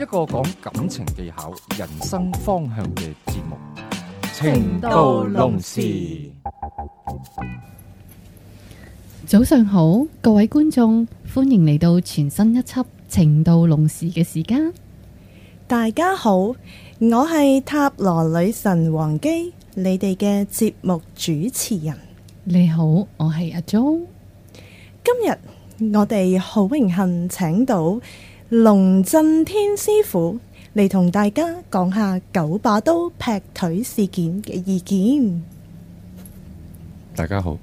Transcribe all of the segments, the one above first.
一個講感情技巧、人生方向嘅節目《情到濃時》《情到濃時》。早上好，各位觀眾，歡迎嚟到全新一輯《情到濃時》嘅時間。大家好，我係塔羅女神黃姬，你哋嘅節目主持人。你好，我係阿 Jo。今日我哋好榮幸，請到。龍震天師傅嚟同大家講下九把刀劈腿事件嘅意見。大家好，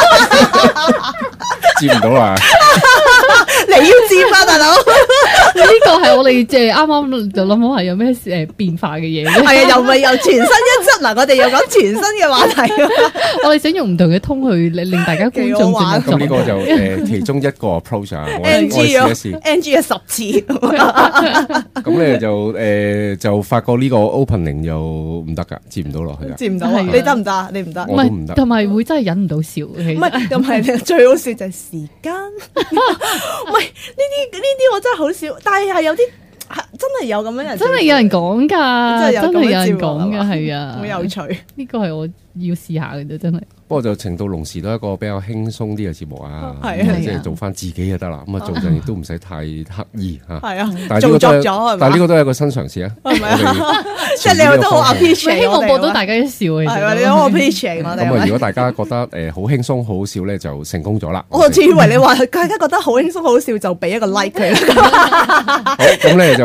接唔到啊！ 你要接啊，大佬！呢個係我哋即係啱啱就諗好係有咩誒變化嘅嘢，係啊，又咪又全新一。嗱，我哋又講全新嘅話題，我哋想用唔同嘅通去令令大家觀眾玩。咁呢個就誒其中一個 approach 啊。NG 咗，NG 十次。咁咧就誒就發覺呢個 opening 又唔得噶，接唔到落去啊，接唔到啊！你得唔得啊？你唔得，我都唔得。同埋會真係忍唔到笑。唔係，咁係最好笑就係時間。唔係呢啲呢啲，我真係好笑，但係係有啲。真係有咁樣人，真係有人講噶，真係有人講噶，係啊，好有趣。呢個係我要試下嘅啫，真係。不過就情到濃時，都係一個比較輕鬆啲嘅節目啊，即係做翻自己就得啦。咁啊，做陣亦都唔使太刻意。但係呢個都係，但係一個新嘗試啊。即係你又都好啊，Peach，希望播到大家笑。係啊，你好，Peach。咁如果大家覺得誒好輕鬆、好笑咧，就成功咗啦。我仲以為你話，大家覺得好輕鬆、好笑，就俾一個 like 佢。好，咁咧就。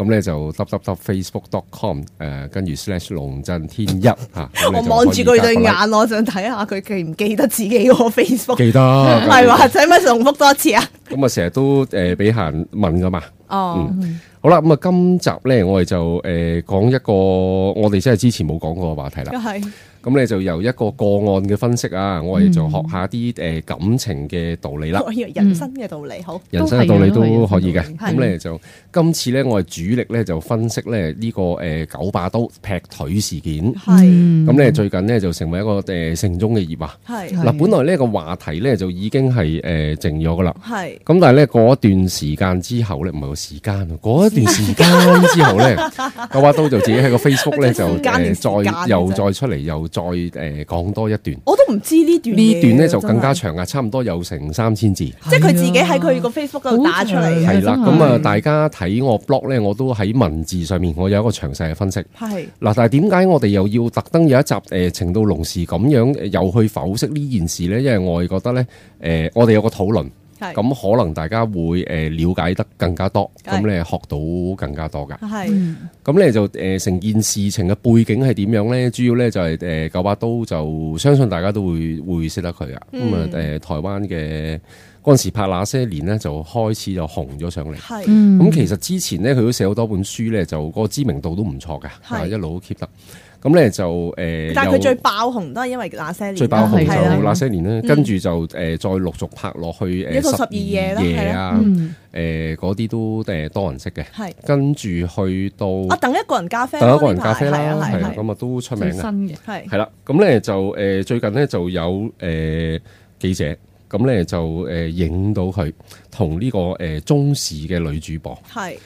咁咧就 dot Facebook dot com 誒，跟住 slash 龍震天一吓。我望住佢對眼，我想睇下佢記唔記得自己個 Facebook。記得係話使乜重複多次啊？咁啊，成日都誒俾人問噶嘛。哦，好啦，咁啊，今集咧我哋就誒講一個我哋真係之前冇講過嘅話題啦。咁你就由一個個案嘅分析啊，我哋就學下啲誒感情嘅道理啦，人生嘅道理好，人生嘅道理都可以嘅。咁咧就今次咧我係主。主力咧就分析咧呢個誒九把刀劈腿事件，係咁咧最近呢就成為一個誒盛中嘅業啊。係嗱本來呢個話題咧就已經係誒靜咗噶啦，係咁但係咧過一段時間之後咧唔係個時間，過一段時間之後咧九把刀就自己喺個 Facebook 咧就誒再又再出嚟又再誒講多一段。我都唔知呢段呢段咧就更加長啊，差唔多有成三千字。即係佢自己喺佢個 Facebook 度打出嚟。係啦，咁啊大家睇我 blog 咧我。都喺文字上面，我有一個詳細嘅分析。係嗱是，但係點解我哋又要特登有一集誒，情到濃時咁樣又去剖析呢件事呢？因為我哋覺得呢，誒、呃，我哋有個討論，咁是可能大家會誒、呃、了解得更加多，咁你是學到更加多噶。係咁咧就誒，成、呃、件事情嘅背景係點樣呢？主要呢就係、是、誒、呃，九把刀就相信大家都會會識得佢噶。咁啊、嗯，誒、嗯呃，台灣嘅。嗰陣時拍那些年咧，就開始就紅咗上嚟。係，咁其實之前咧，佢都寫好多本書咧，就個知名度都唔錯嘅，係一路都 keep 得。咁咧就誒，但係佢最爆紅都係因為那些年，最爆紅就那些年咧。跟住就誒，再陸續拍落去誒，十二夜夜啊，誒嗰啲都誒多人識嘅。跟住去到啊，等一個人咖啡，等一個人咖啡啦，係啊，咁啊都出名嘅。新嘅係，係啦，咁咧就誒最近咧就有誒記者。咁咧就誒影到佢同呢個誒、呃、中視嘅女主播，係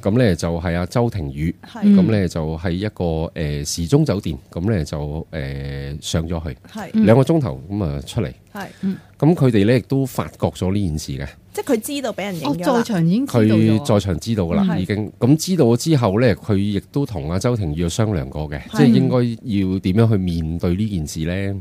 咁咧就係阿周亭羽，係咁咧就喺一個誒、呃、時鐘酒店，咁咧就誒、呃、上咗去，係兩是個鐘頭，咁啊出嚟，係是，咁佢哋咧亦都發覺咗呢件事嘅，是即係佢知道俾人影咗、哦、在場已經，佢在場知道噶啦，已經、嗯、咁、嗯、知道咗之後咧，佢亦都同阿周亭羽商量過嘅，是是即係應該要點樣去面對呢件事咧。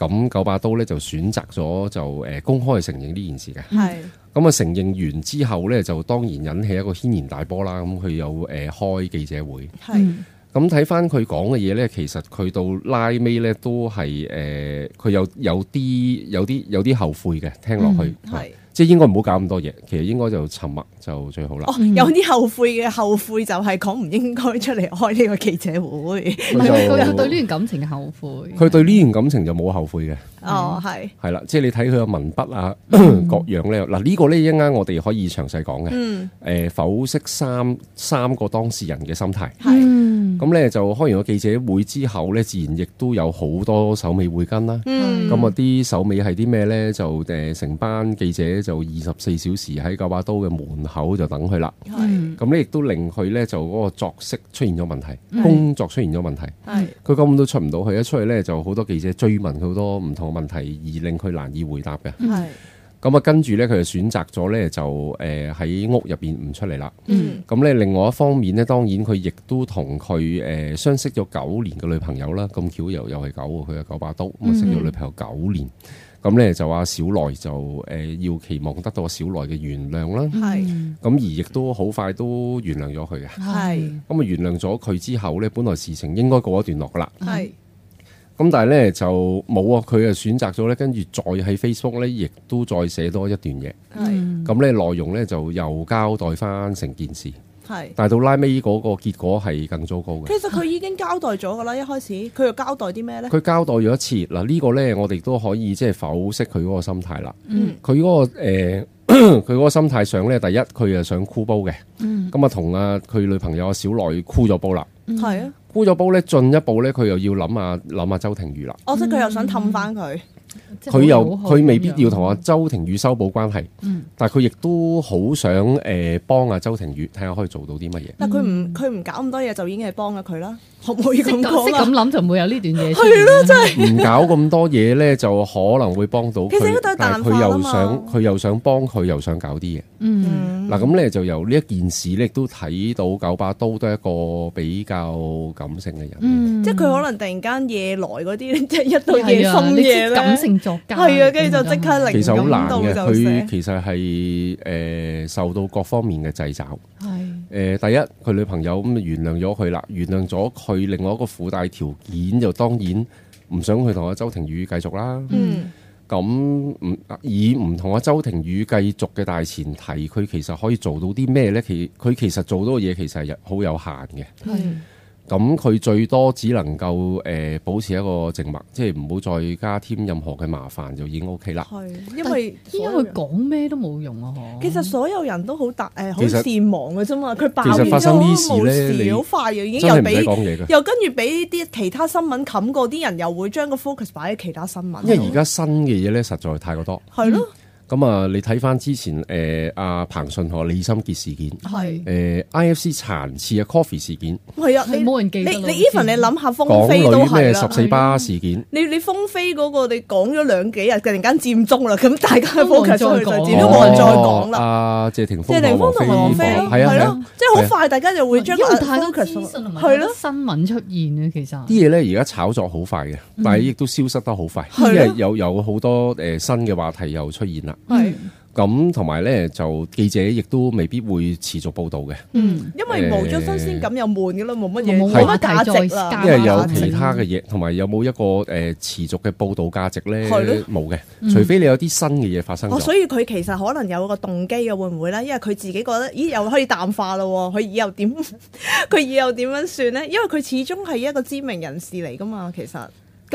咁九把刀咧就選擇咗就誒、呃、公開承認呢件事嘅。係是。咁啊承認完之後咧，就當然引起一個軒然大波啦。咁、嗯、佢有誒、呃、開記者會。係是。咁睇翻佢講嘅嘢咧，其實佢到拉尾咧都係誒，佢、呃、有有啲有啲有啲後悔嘅，聽落去係。嗯即係應該唔好搞咁多嘢，其實應該就沉默就最好啦。哦，有啲後悔嘅後悔就係講唔應該出嚟開呢個記者會，佢有就 對呢段感情嘅後悔。佢對呢段感情就冇後悔嘅。哦，係係啦，即係你睇佢嘅文筆啊， 各樣咧嗱、這個、呢個咧一陣間我哋可以詳細講嘅。嗯，誒、呃，剖析三三個當事人嘅心態係。的咁咧就開完個記者會之後咧，自然亦都有好多手尾會跟啦。咁啊啲手尾係啲咩咧？就誒、呃、成班記者就二十四小時喺九把刀嘅門口就等佢啦。咁咧亦都令佢咧就嗰個作息出現咗問題，是工作出現咗問題。係佢是根本都出唔到去，一出去咧就好多記者追問佢好多唔同嘅問題，而令佢難以回答嘅。咁啊，跟住咧，佢就選擇咗咧，就誒喺、呃、屋入邊唔出嚟啦。嗯。咁咧、嗯，另外一方面咧，當然佢亦都同佢誒相識咗九年嘅女朋友啦。咁巧又又係九，佢係九把刀。咁啊、嗯哼，就識咗女朋友九年，咁、嗯、咧就話小內就誒要、呃、期望得到小內嘅原諒啦。係是。咁而亦都好快都原諒咗佢啊。係是。咁啊、嗯，原諒咗佢之後咧，本來事情應該過一段落噶啦。係。咁、嗯、但係咧就冇啊，佢啊選擇咗咧，跟住再喺 Facebook 咧，亦都再寫多一段嘢。係咁咧，內容咧就又交代翻成件事。係是，但係到拉尾嗰個結果係更糟糕嘅。其實佢已經交代咗噶啦，一開始佢又交代啲咩咧？佢交代咗一次嗱，這個、呢個咧我哋都可以即係剖析佢嗰個心態啦。嗯，佢嗰個誒，佢個心態上咧，第一佢係想箍煲嘅。嗯，咁啊同啊佢女朋友小內箍咗煲啦。係、嗯嗯、啊。煲咗煲咧，進一步咧，佢又要諗下諗啊周亭羽啦。我知佢又想氹翻佢。 佢又佢未必要同阿周亭羽修補關係，但係佢亦都好想誒幫阿周亭羽睇下可以做到啲乜嘢。但佢唔佢唔搞咁多嘢就已經係幫咗佢啦。唔會咁講啦。識咁諗就唔會有呢段嘢。係咯，真係唔搞咁多嘢咧，就可能會幫到佢。但係佢又想佢又想幫佢，又想搞啲嘢。嗱咁咧就由呢一件事咧，都睇到九把刀都係一個比較感性嘅人。即係佢可能突然間夜來嗰啲，即係一到夜深，你成作家，係啊，跟住就即刻零感度就死。其實好難嘅。佢其實係誒、呃，受到各方面嘅掣肘。係誒是的、呃，第一佢女朋友咁原諒咗佢啦，原諒咗佢另外一個附帶條件，就當然唔想去同阿周亭羽繼續啦。嗯，咁唔以唔同阿周亭羽繼續嘅大前提，佢其實可以做到啲咩咧？其佢其實做到嘅嘢，其實係好有限嘅。咁佢最多只能夠誒保持一個靜默，即係唔好再加添任何嘅麻煩就已經 OK 啦。係，因為因為佢講咩都冇用啊！嚇，其實吧所有人都好大誒，好、呃、善忘嘅啫嘛。佢實爆發完咗都冇事，好快嘅，已經又俾又跟住俾啲其他新聞冚過啲人，又會將個 focus 擺喺其他新聞。因為而家新嘅嘢咧，實在太過多。係咯、嗯。咁啊！你睇翻之前，誒阿彭順和李心潔事件，係誒 I F C 殘次嘅 coffee 事件，係啊，你冇人記得你 even 你諗下，風飛都係啦。十四巴事件，你你風飛嗰個，你講咗兩幾日，突然間佔中啦，咁大家 focus 去就，點都冇人再講啦。阿謝霆鋒，謝霆鋒同埋王菲，係啊，即係好快，大家就會將太多 focus 係咯新聞出現，其實啲嘢咧，而家炒作好快嘅，但係亦都消失得好快，因為有有好多誒新嘅話題又出現啦。係咁，同埋咧就記者亦都未必會持續報道嘅。嗯，因為冇咗新鮮感又悶噶啦，冇乜嘢冇乜價值啦。的因為有其他嘅嘢，同埋有冇一個誒、呃、持續嘅報道價值咧？係咯，冇嘅。除非你有啲新嘅嘢發生，哦。所以佢其實可能有一個動機嘅，會唔會咧？因為佢自己覺得，咦，又可以淡化咯。佢以後點？佢 以後點樣算咧？因為佢始終係一個知名人士嚟噶嘛，其實。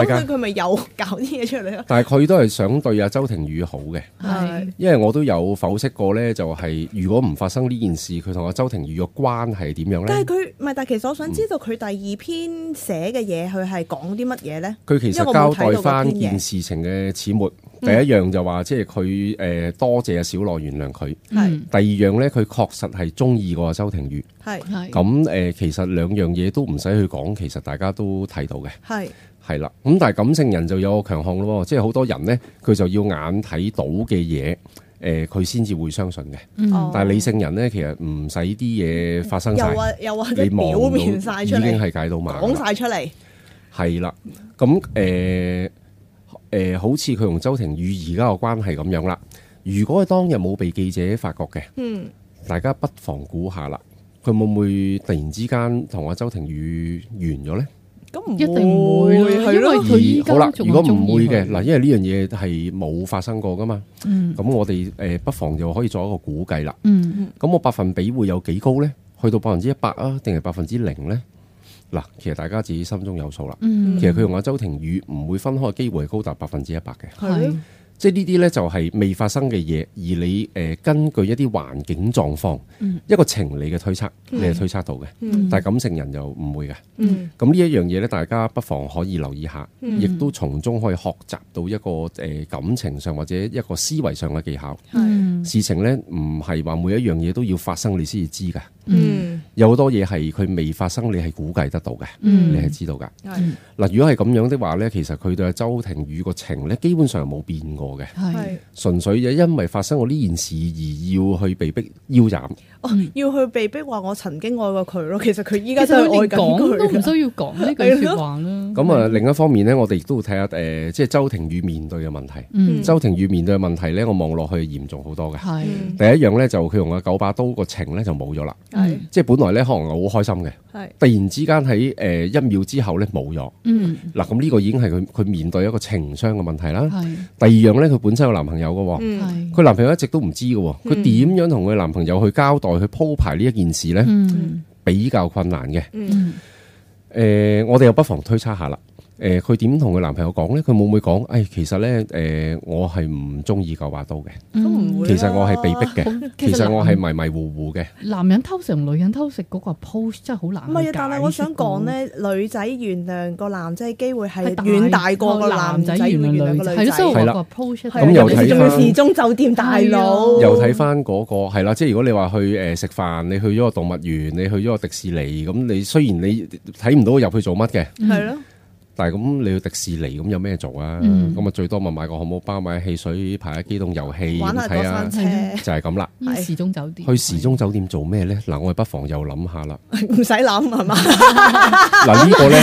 咁佢咪有搞啲嘢出嚟咯？但係佢都係想對阿周庭宇好嘅，係的，因為我都有否釋過咧，就是，就係如果唔發生呢件事，佢同阿周庭宇嘅關係點樣咧？但係佢唔係，但係其實我想知道佢第二篇寫嘅嘢，佢係講啲乜嘢咧？佢其實交代翻件事情嘅始末，嗯、第一樣就話即係佢誒多謝阿小羅原諒佢，係的。第二樣咧，佢確實係中意過阿周庭宇，係係的。咁誒，呃，其實兩樣嘢都唔使去講，其實大家都睇到嘅，係。係啦，咁但係感性人就有個強項咯，即係好多人呢，佢就要眼睇到嘅嘢，誒、呃，佢先至會相信嘅。嗯、但係理性人呢，其實唔使啲嘢發生晒，嗯、又又面你望到已經係解到盲，講晒出嚟。係啦，咁誒誒，好似佢同周亭羽而家個關係咁樣啦。如果佢當日冇被記者發覺嘅，嗯、大家不妨估下啦，佢會唔會突然之間同阿周亭羽完咗呢？咁唔一定會，因好會，因為佢依家如果唔會嘅嗱，因為呢樣嘢係冇發生過噶嘛。咁、嗯、我哋誒不妨就可以做一個估計啦。咁、嗯、我百分比會有幾高咧？去到百分之一百啊，定係百分之零咧？嗱，其實大家自己心中有數啦。嗯、其實佢同阿周亭羽唔會分開嘅機會係高達百分之一百嘅。即係呢啲咧，就係未發生嘅嘢，而你誒、呃、根據一啲環境狀況，嗯、一個情理嘅推測，你係推測到嘅。嗯、但係感情人又唔會嘅。咁呢一樣嘢咧，大家不妨可以留意下，嗯、亦都從中可以學習到一個誒、呃、感情上或者一個思維上嘅技巧。嗯、事情咧唔係話每一樣嘢都要發生你先至知嘅。嗯，有好多嘢係佢未發生，你係估計得到嘅，嗯、你係知道噶。係嗱的，如果係咁樣的話咧，其實佢對阿周亭羽個情咧，基本上係冇變過嘅，係純的粹就因為發生過呢件事而要去被逼腰斬。要去被逼話我曾經愛過佢咯，其實佢依家真係愛緊佢，都唔需要講呢句說話啦。咁啊，另一方面呢，我哋亦都會睇下誒，即係周亭羽面對嘅問題。周亭羽面對嘅問題呢，我望落去嚴重好多嘅。第一樣呢，就佢用嘅九把刀個情呢就冇咗啦。即係本來呢可能好開心嘅。突然之間喺誒一秒之後呢冇咗。嗱，咁呢個已經係佢佢面對一個情商嘅問題啦。第二樣呢，佢本身有男朋友噶。嗯，佢男朋友一直都唔知噶。佢點樣同佢男朋友去交代？去鋪排呢一件事咧，嗯，比較困難嘅。嗯，誒、呃，我哋又不妨推測下啦。誒，佢點同佢男朋友講咧？佢會唔會講？誒、哎，其實咧，誒、呃，我係唔中意九華刀嘅。都唔會。其實我係被逼嘅，其實，其實我係迷迷糊糊嘅。男人偷食同女人偷食嗰個 pose 真係好難。唔係啊，但係我想講咧，嗯、女仔原諒個男仔嘅機會係遠大過個男仔原諒個女仔。係啦的，咁又睇仲係時鐘酒店大佬。又睇翻嗰個係啦，即係如果你話去誒食飯，你去咗個動物園，你去咗個，個迪士尼，咁你雖然你睇唔到入去做乜嘅，係咯、嗯。但係咁，你去迪士尼咁有咩做啊？咁啊最多咪買個漢堡包，買汽水，排下機動遊戲，係啊，就係咁啦。去時鐘酒店做咩咧？嗱，我哋不妨又諗下啦。唔使諗係嘛？嗱，呢個咧，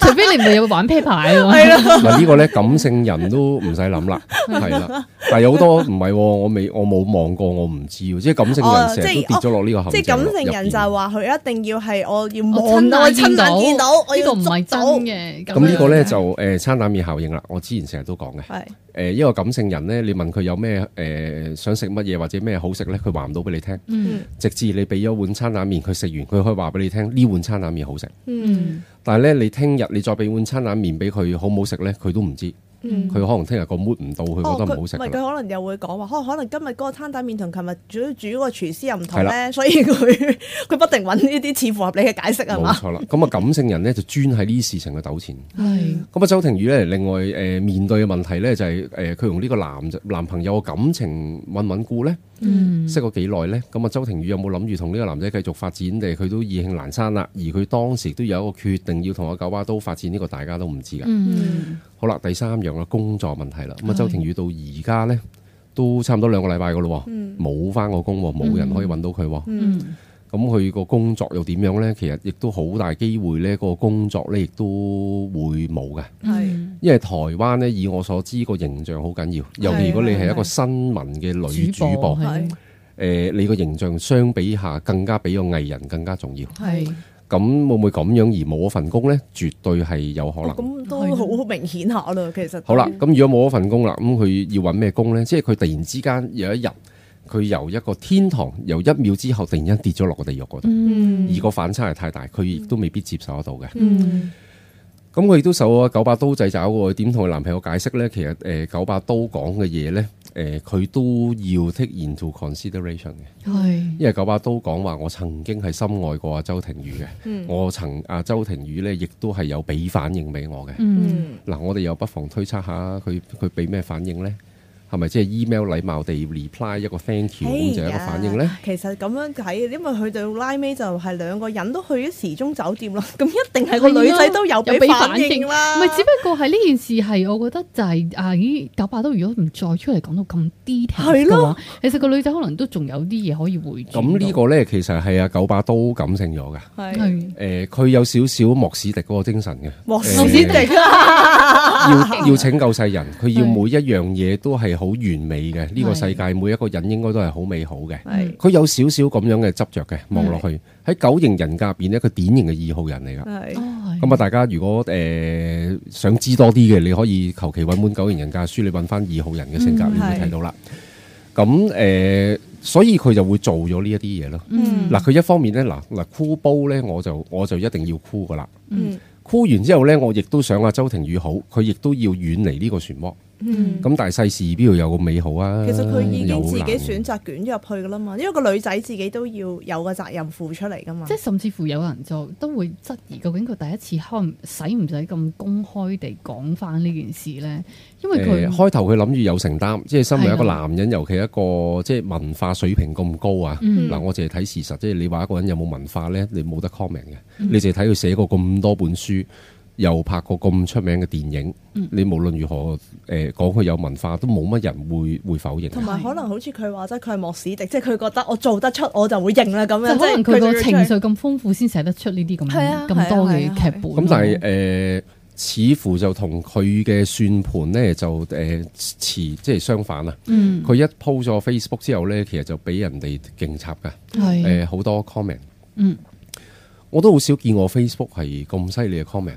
除非你唔係要玩啤牌。嗱，呢個咧，感性人都唔使諗啦，係啦。 但係有好多唔係、哦，我未我冇望過，我唔知，即係感性人成日都跌咗落呢個陷阱即係、哦、感性人就係話佢一定要係，我要望到、親眼見到，呢個唔係真嘅。咁呢個咧就誒、呃，餐冷麵效應啦。我之前成日都講嘅。誒的，因為、呃、感性人咧，你問佢有咩誒、呃、想食乜嘢或者咩好食咧，佢話唔到俾你聽。嗯、直至你俾咗碗餐冷麵，佢食完，佢可以話俾你聽呢碗餐冷麵好食。嗯、但係咧，你聽日你再俾碗餐冷麵俾佢，好唔好食咧？佢都唔知。佢、嗯、可能聽日個 mood 唔到，佢覺得唔好食。佢可能又會講話、哦，可能今日嗰個攤仔麵同琴日煮煮嗰個廚師又唔同咧，的所以佢佢不停揾呢啲似不合理嘅解釋係嘛？冇錯啦。咁啊吧，感性人咧就專喺呢啲事情嘅糾纏。係的。咁啊，周亭羽咧，另外誒面對嘅問題咧就係誒佢同呢個男男朋友嘅感情穩唔穩固咧？嗯。識咗幾耐咧？咁啊，周亭羽有冇諗住同呢個男仔繼續發展定？佢都意興闌珊啦。而佢當時都有一個決定要同阿九把刀發展呢個，大家都唔知噶、這個。好啦，第三樣啦，工作問題啦。咁啊，周亭羽到而家咧，是都差唔多兩個禮拜噶咯，冇返個工，冇人可以搵到佢。咁佢、嗯、個工作又點樣咧？其實亦都好大機會咧，個工作咧亦都會冇嘅。係是，因為台灣咧，以我所知，個形象好緊要，尤其如果你係一個新聞嘅女主播，誒、呃，你個形象相比下更加比個藝人更加重要。係。咁會唔會咁樣而冇嗰份工咧？絕對係有可能。咁、哦、都好明顯下啦，其實。好啦，咁如果冇嗰份工啦，咁佢要搵咩工咧？即係佢突然之間有一日，佢由一個天堂由一秒之後突然間跌咗落個地獄嗰度，嗯、而個反差係太大，佢亦都未必接受得到嘅。嗯，咁佢亦都受咗九把刀制裁嘅，點同佢男朋友解釋咧？其實誒、呃，九把刀講嘅嘢咧。誒，佢、呃、都要 take into consideration 嘅，係對，因為九把都講話我曾經係深愛過阿周亭羽嘅，嗯、我曾阿周亭羽咧，亦都係有俾反應俾我嘅。嗱、嗯，我哋又不妨推測下，佢佢俾咩反應咧？係咪即係 email 禮貌地 reply 一個 thank you 就一個反應咧？其實咁樣睇，因為佢到拉尾就係兩個人都去咗時鐘酒店啦，咁一定係個女仔都有俾反應啦。唔係，只不過係呢件事係，我覺得就係啊，九把刀如果唔再出嚟講到咁 detail，係咯。其實個女仔可能都仲有啲嘢可以回應。咁呢個咧，其實係啊，九把刀感性咗嘅，係誒，佢有少少莫士迪嗰個精神嘅，莫士迪啊。要要拯救世人，佢要每一樣嘢都係好完美嘅。呢個世界每一個人應該都係好美好嘅。佢有少少咁樣嘅執着嘅，望落去喺九型人格入邊呢，佢典型嘅二號人嚟噶。係咁啊！大家如果誒想知多啲嘅，你可以求其搵本九型人格書，你搵翻二號人嘅性格，你會睇到啦。咁誒，所以佢就會做咗呢一啲嘢咯。嗱，佢一方面呢，嗱嗱，箍煲呢，我就我就一定要箍噶啦。呼完之後呢，我亦都想阿周亭羽好，佢亦都要遠離呢個漩渦。咁、嗯、但係世事邊度有個美好啊？其實佢已經自己選擇捲咗入去噶啦嘛，因為個女仔自己都要有個責任付出嚟噶嘛。即係甚至乎有人就都會質疑，究竟佢第一次開使唔使咁公開地講翻呢件事咧？因為佢開頭佢諗住有承擔，即係身為一個男人，的尤其一個即係文化水平咁高啊。嗱、嗯，我淨係睇事實，即係你話一個人有冇文化咧，你冇得 comment 嘅，嗯、你淨係睇佢寫過咁多本書。又拍過咁出名嘅電影，嗯、你無論如何，誒講佢有文化都冇乜人會會否認。同埋可能好似佢話齋，佢係莫史迪，即係佢覺得我做得出，我就會認啦咁樣。可能佢個情緒咁豐富，先寫得出呢啲咁，咁、嗯、多嘅劇本。咁、嗯、但係誒、呃，似乎就同佢嘅算盤呢就誒、呃，似即係相反啦。佢、嗯、一 po 咗 Facebook 之後呢，其實就俾人哋勁插噶，誒好、嗯嗯、多 comment。嗯、我都好少見我 Facebook 係咁犀利嘅 comment。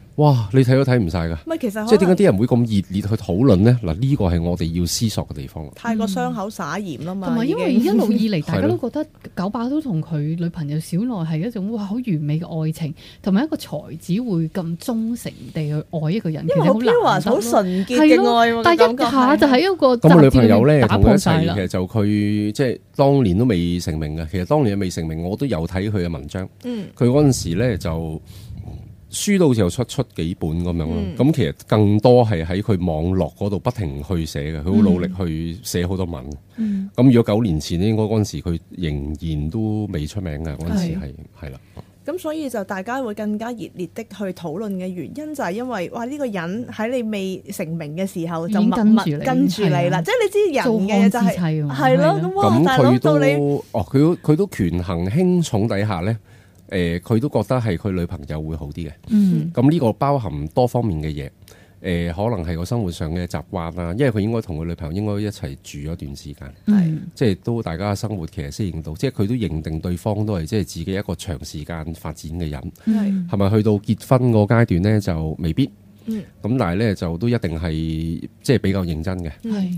哇！你睇都睇唔晒噶，其實即係點解啲人會咁熱烈去討論呢？嗱，呢個係我哋要思索嘅地方。太過傷口撒鹽啦嘛，同埋因為一路以嚟大家都覺得九把刀同佢女朋友小奈係一種哇好完美嘅愛情，同埋一個才子會咁忠誠地去愛一個人，因為好標話，好純潔嘅愛。但係一下就係一個咁嘅女朋友咧，同佢一齊其實就佢即係當年都未成名嘅。其實當年未成名，我都有睇佢嘅文章。佢嗰陣時咧就。書到時候出出幾本咁樣咯，咁其實更多係喺佢網絡嗰度不停去寫嘅，佢好努力去寫好多文。咁如果九年前咧，應該嗰陣時佢仍然都未出名嘅，嗰陣時係係啦。咁所以就大家會更加熱烈的去討論嘅原因，就係因為哇，呢個人喺你未成名嘅時候就默默跟住你啦，即係你知人嘅就係係咯，咁哇但係到你哦，佢佢都權衡輕重底下咧，誒，佢、呃、都覺得係佢女朋友會好啲嘅。嗯，咁呢個包含多方面嘅嘢。誒、呃，可能係個生活上嘅習慣啦，因為佢應該同佢女朋友應該一齊住咗段時間，係是即係都大家生活其實適應到，即係佢都認定對方都係即係自己一個長時間發展嘅人，係咪是去到結婚個階段呢？就未必。咁、嗯、但係咧就都一定係即係比較認真嘅，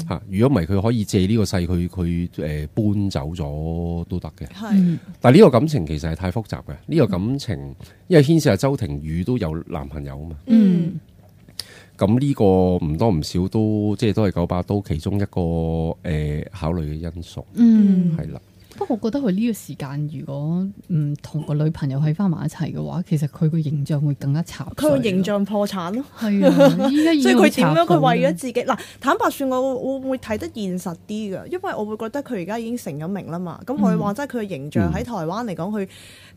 吓，如果唔係佢可以借呢個勢，佢佢誒搬走咗都得嘅。是但係呢個感情其實係太複雜嘅，呢、這個感情、嗯、因為牽涉阿周亭羽都有男朋友啊嘛。咁呢、嗯、個唔多唔少都即係都係九把刀其中一個誒、呃、考慮嘅因素。嗯，係啦、嗯。我覺得佢呢個時間，如果唔同個女朋友喺翻埋一齊嘅話，其實佢個形象會更加巢。佢個形象破產咯，係 啊，所以佢點樣佢為咗自己嗱？坦白說，我我會睇得現實啲噶，因為我會覺得佢而家已經成咗名啦嘛。咁佢話真係佢個形象喺台灣嚟講，佢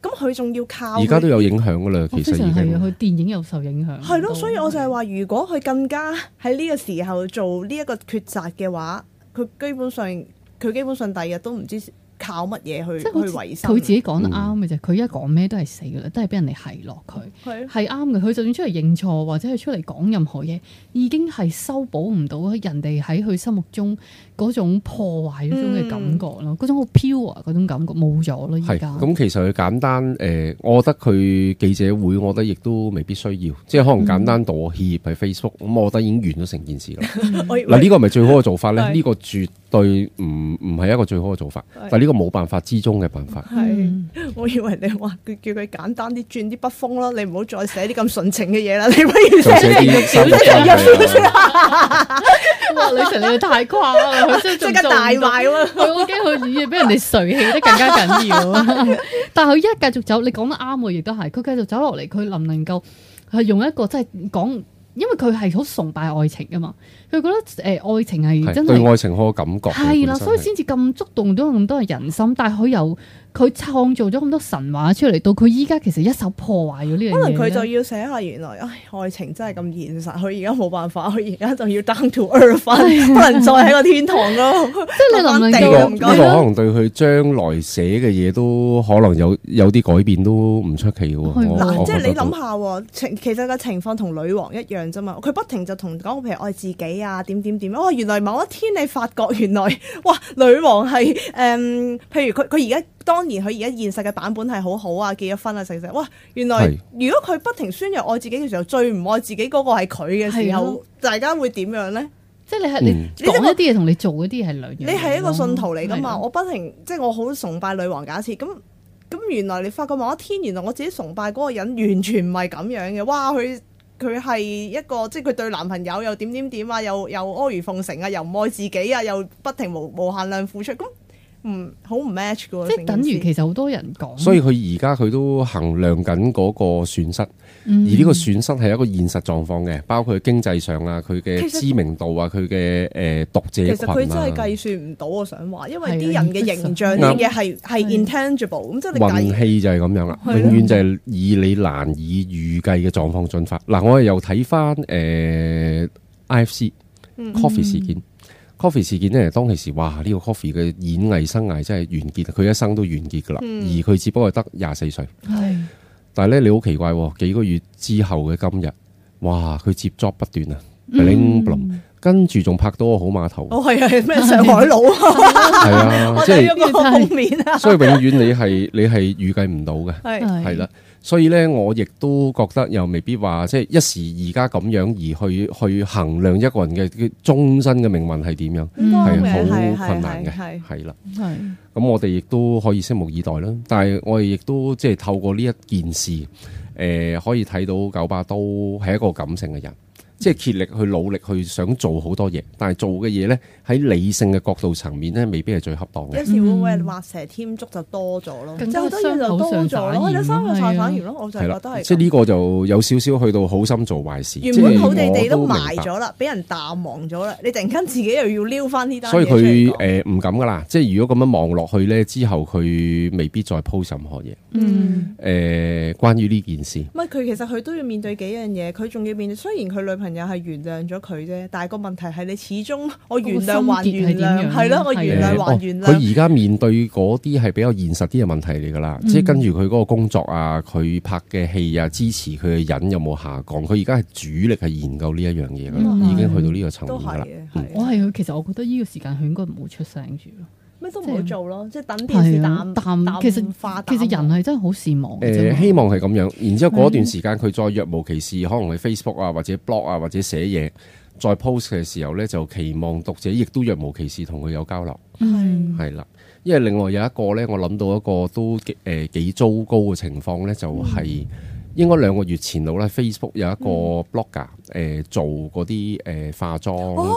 咁佢仲要靠而家都有影響噶啦，其實係啊，佢 電影又受影響係咯，所以我就係話，如果佢更加喺呢個時候做呢一個抉擇嘅話，佢基本上佢基本上第二日都唔知。靠乜嘢去？即係佢自己講得啱嘅啫。佢、嗯、一講咩都係死嘅啦，都係俾人哋係落佢。係啱嘅。佢就算出嚟認錯，或者係出嚟講任何嘢，已經係修補唔到人哋喺佢心目中嗰種破壞嗰種嘅感覺咯。嗰、嗯、種好 pure 啊，嗰種感覺冇咗咯。係咁，其實佢簡單誒、呃，我覺得佢記者會，我覺得亦都未必需要。即係可能簡單道歉喺 Facebook，咁、嗯、我覺得已經完咗成件事啦。嗱，呢個係咪最好嘅做法咧？呢對 個絕對唔唔係一個最好嘅做法。但呢個。冇辦法之中嘅辦法，係我以為你話佢叫佢簡單啲轉啲筆風咯，你唔好再寫啲咁純情嘅嘢啦，你不如寫啲。我話女神你， 你太誇啦，佢真係即刻大賣咯，我我驚佢語言俾人哋唾棄得更加緊要。 但係佢一繼續走，你講得啱喎，亦都係佢繼續走落嚟，佢能唔能夠係用一個即係講？因為佢係好崇拜愛情㗎嘛，佢覺得誒、呃、愛情係真係對，對愛情有個感覺係啦，所以先至咁觸動咗咁多人人心，但係佢又。佢創造咗咁多神話出嚟，到佢依家其實一手破壞咗呢樣嘢，可能佢就要寫下原來，唉，愛情真係咁現實。佢而家冇辦法，佢而家就要 down to earth 翻呀，不能再喺個天堂咯。即係你諗，定，呢個可能對佢將來寫嘅嘢都可能有有啲改變都，都唔出奇嘅喎。嗱我，即係嘍你諗下，情其實嘅情況同女王一樣啫嘛。佢不停就同講，譬如愛自己啊，點點點。哦、喔，原來某一天你發覺原來，哇，女王係誒，譬如佢佢而家。當然佢而家現實嘅版本係好好啊，結咗婚啊，成成哇！原來如果佢不停宣揚愛自己嘅時候，最唔愛自己嗰個係佢嘅時候，的大家會點樣呢？即係、嗯、你係你講啲嘢同你做嗰啲係兩樣、啊。你係一個信徒嚟噶嘛㗎嘛？的我不停即係我好崇拜女王假設咁咁，原來你發覺某一天，原來我自己崇拜嗰個人完全唔係咁樣嘅。哇！佢佢係一個即係佢對男朋友又點點點啊，又又阿諛奉承啊，又唔愛自己啊，又不停無無限量付出咁。嗯，好唔 match 嘅，即係等於其實好多人講。所以佢而家佢都衡量緊嗰個損失，嗯、而呢個損失係一個現實狀況嘅，包括經濟上啊，佢嘅知名度啊，佢嘅誒讀者群其實佢真係計算唔到，我想話，因為啲人嘅形象啲嘢係係 intangible，咁即係你運氣就係咁樣啦，永遠就係以你難以預計嘅狀況進發。嗱、嗯，我哋又睇翻誒 IFC Coffee 事件。嗯嗯 Coffee 事件咧，當其時哇，呢、這個 Coffee 嘅演藝生涯真係完結，佢一生都完結噶啦，嗯、而佢只不過得廿四歲。係是的，但係咧你好奇怪，哦，幾個月之後嘅今日，哇，佢接 job 不斷啊跟住仲拍到好碼、哦、個好碼頭，我係啊咩上海佬，係啊，即係面啊，所以永遠你係你係預計唔到嘅，係係啦，所以咧我亦都覺得又未必話即係一時而家咁樣而去去衡量一個人嘅終身嘅命運係點樣，係好、嗯、困難嘅，係啦，係咁我哋亦都可以拭目以待啦。但係我哋亦都即係透過呢一件事，誒、呃、可以睇到九把刀都係一個感性嘅人。即係竭力去努力去想做好多嘢，但係做嘅嘢咧喺理性嘅角度層面咧，未必係最恰當嘅。有時會為畫蛇添足就多咗咯，即多嘢就多咗，我哋翻去曬反完咯，我就覺得係。即係呢個就有少少去到好心做壞事。原本好地地都埋咗啦，俾人淡忘咗啦，你突然間自己又要撩翻啲單，所以佢誒唔敢噶啦。即係如果咁樣望落去咧，之後佢未必再鋪任何嘢。嗯誒、呃，關於呢件事，唔係佢，其實佢都要面對幾樣嘢，佢仲要面對。雖然佢女朋朋友係原諒咗佢啫，但係個問題係你始終我原諒還原諒係咯，我原諒還原諒。佢而家面對嗰啲係比較現實啲嘅問題嚟噶啦，嗯、即係跟住佢嗰個工作啊，佢拍嘅戲啊，支持佢嘅人有冇下降？佢而家係主力係研究呢一樣嘢噶啦，嗯、已經去到呢個層面啦。我係佢，其實我覺得呢個時間佢應該唔會出聲住咯。咩都唔好做咯，即係等電視淡淡。其實人係真係好善忘，希望係咁樣，然之後嗰段時間佢再若無其事，可能係 Facebook 啊，或者 blog 啊，或者寫嘢，再 post 嘅時候呢，就期望讀者亦都若無其事同佢有交流。係係啦，因為另外有一個呢，我諗到一個都誒幾糟糕嘅情況呢，就係應該兩個月前度呢 Facebook 有一個 blogger 做嗰啲誒化妝。哦，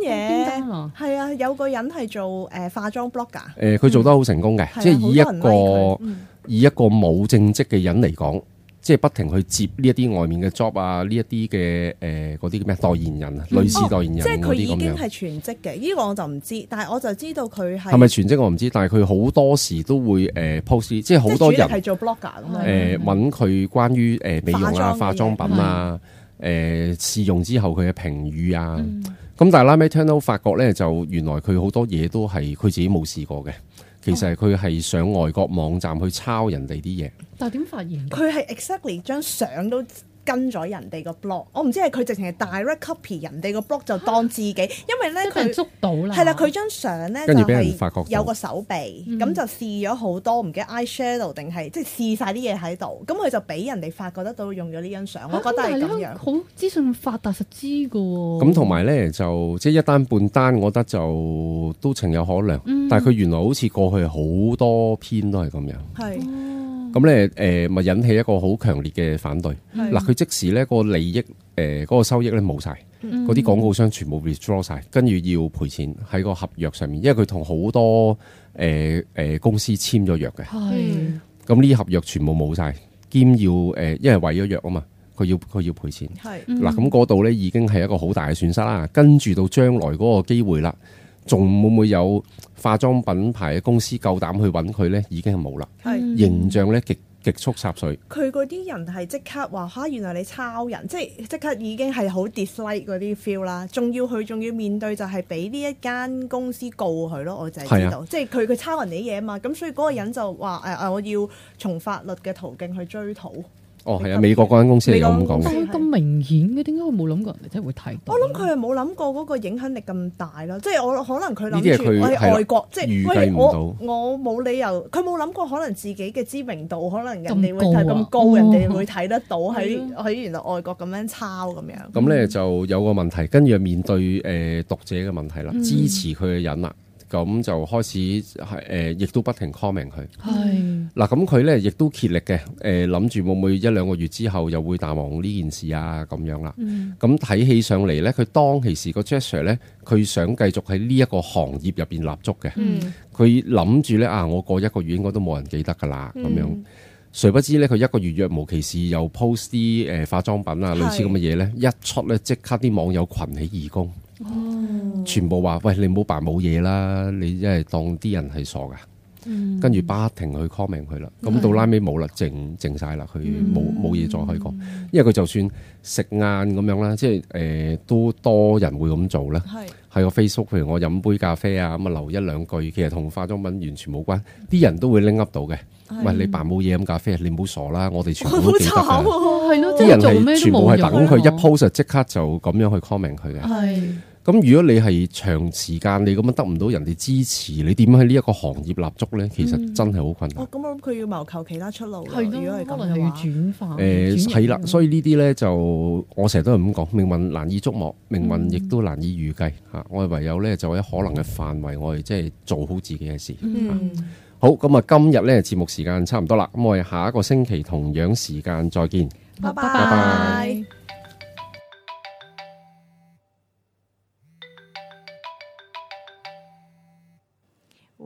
嘢，係啊，有個人係做誒化妝 Blogger，誒佢做得好成功嘅，即係以一個以一個冇正職嘅人嚟講，即係不停去接呢一啲外面嘅 job 啊，呢一啲嘅誒嗰啲咩代言人啊，類似代言人嗰啲咁樣。即係佢已經係全職嘅，呢個我就唔知，但係我就知道佢係係咪全職我唔知，但係佢好多時都會誒 post，即係好多人係做 Blogger 咁樣，誒搵佢關於誒美容啊、化妝品啊、誒試用之後佢嘅評語啊。咁但係拉尾聽到發覺呢，就原來佢好多嘢都係佢自己冇試過嘅，其實佢係上外國網站去抄人哋啲嘢。但係點發現？佢係 exactly 張相都。跟咗人哋個 blog，我唔知係佢直情係 direct copy 人哋個 blog 就當自己，因為咧佢捉到啦，係啦，佢張相咧就係跟住俾人發覺有個手臂，咁就試咗好多，唔、嗯、記得 eye shadow 定係即係試晒啲嘢喺度，咁佢就俾人哋發覺得到用咗呢張相，啊、我覺得係咁樣。好資訊發達，實知㗎喎。咁同埋咧就即係一單半單，我覺得就都情有可原。但係佢原來好似過去好多篇都係咁樣。係、嗯。咁咧，誒咪引起一個好強烈嘅反對。嗱是，佢即時咧個利益，誒、呃、嗰、那個收益咧冇晒，嗰啲、嗯、廣告商全部 withdraw 晒，跟住要賠錢喺個合約上面，因為佢同好多誒誒、呃呃、公司簽咗約嘅。係是。咁呢啲合約全部冇晒，兼要誒、呃，因為違咗約啊嘛，佢要佢要賠錢。係是。嗱、嗯，咁嗰度咧已經係一個好大嘅損失啦。跟住到將來嗰個機會啦。仲會唔會有化妝品牌嘅公司夠膽去揾佢呢？已經係冇啦。是形象咧，極極速插水。佢嗰啲人係即刻話嚇，原來你抄人，即係即刻已經係好 dislike 嗰啲 feel 啦。仲要佢仲要面對就係俾呢一間公司告佢咯。我就係知道，啊、即係佢佢抄人哋嘢啊嘛。咁所以嗰個人就話誒誒，我要從法律嘅途徑去追討。哦，係啊，美國嗰間公司嚟講。但係佢咁明顯嘅，點解佢冇諗過人哋真係會睇到？我諗佢係冇諗過嗰個影響力咁大啦。即係我可能佢諗住喺外國，即係我我冇理由，佢冇諗過可能自己嘅知名度可能人哋會睇咁高、啊、高，人哋會睇得到喺喺、哦、原來外國咁樣抄咁樣。咁咧、嗯、就有個問題，跟住面對誒讀者嘅問題啦，嗯、支持佢嘅人啦。咁就開始係誒，亦都不停 comment 佢。係嗱，咁佢咧亦都竭力嘅，誒諗住會唔會一兩個月之後又會淡忘呢件事啊？咁樣啦。咁睇起上嚟咧，佢當其時個 Jessie 咧，佢想繼續喺呢一個行業入邊立足嘅。佢諗住咧啊，我過一個月應該都冇人記得㗎啦。咁樣，誰不知咧，佢一個月若無其事又 post 啲誒化妝品啊類似咁嘅嘢咧，一出咧即刻啲網友群起義工。press .全部話喂，你唔好扮冇嘢啦，你真係當啲人係傻噶跟住巴停去 comment 佢啦，咁到拉尾冇啦，靜靜晒啦，佢冇冇嘢再去講，因為佢就算食晏咁樣啦，即係誒都多人會咁做啦。係，係個 Facebook，譬如我飲杯咖啡啊，咁啊留一兩句，其實同化妝品完全冇關，啲人都會拎 up 到嘅，喂你扮冇嘢飲咖啡啊，你唔好傻啦，我哋全部好慘啊，係咯，啲人係全部係等佢一 post 即刻就咁樣去 comment 佢嘅，係。咁如果你係長時間，你咁樣得唔到人哋支持，你點樣喺呢一個行業立足咧？其實真係好困難。嗯、哦，咁我諗佢要謀求其他出路，係咯的？如果係咁，可能又要轉化。誒、呃，係啦營，所以呢啲咧就我成日都係咁講，命運難以捉摸，命運亦都難以預計吓。我係唯有咧就喺可能嘅範圍，我哋即係做好自己嘅事。嗯嗯、好，咁啊，今日咧節目時間差唔多啦，咁我哋下一個星期同樣時間再見。拜拜。拜拜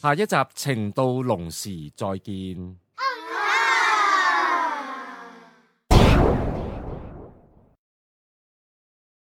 下一集情到濃時再見。